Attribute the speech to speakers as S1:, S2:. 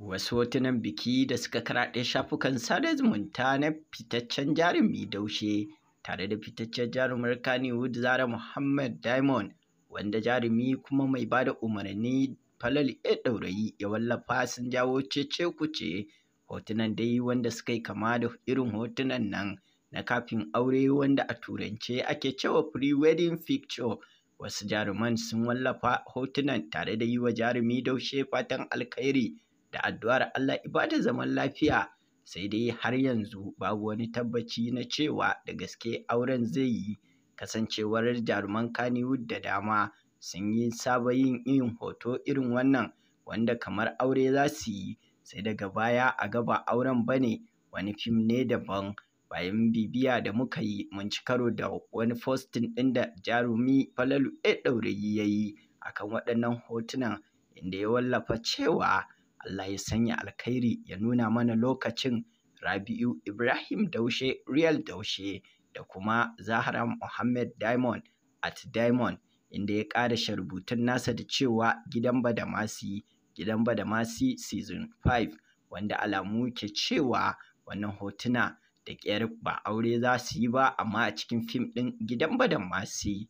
S1: Wasu hotunan biki da suka karaɗe shafukan sada zumunta na fitaccen jarumi Daushe tare da fitaccen jarumar Kannywood Zara Muhammad Diamond, wanda jarumi kuma mai ba da umarni Falalu ya Ɗaurayi ya wallafa sun jawo cece-kuce hotunan dai wanda suka yi kama da irin hotunan nan na kafin aure wanda a turance ake cewa pre-wedding picture wasu jaruman sun wallafa hotunan tare da yi wa jarumi Daushe fatan alkhairi da addu'ar Allah ibada zaman lafiya sai dai har yanzu babu wani tabbaci na cewa da gaske auren zai yi kasancewar jaruman Kannywood da dama sun yi sabayin yin hoto irin wannan wanda kamar aure za su yi sai daga baya a gaba auren bane wani fim ne daban bayan bibiya da muka yi mun ci karo da wani fostin ɗin da jarumi falalu ɗaurayi ya yi akan waɗannan hotunan inda ya wallafa cewa Allah ya sanya alkhairi ya nuna mana lokacin Rabi'u Ibrahim Daushe Real Daushe da kuma Zahra Mohammed Diamond at Diamond inda ya ƙara sharbutun nasa da cewa gidan Badamasi gidan Badamasi season 5 wanda alamu ke cewa wannan hotuna da ƙyar ba aure za su yi ba amma a cikin fim ɗin gidan Badamasi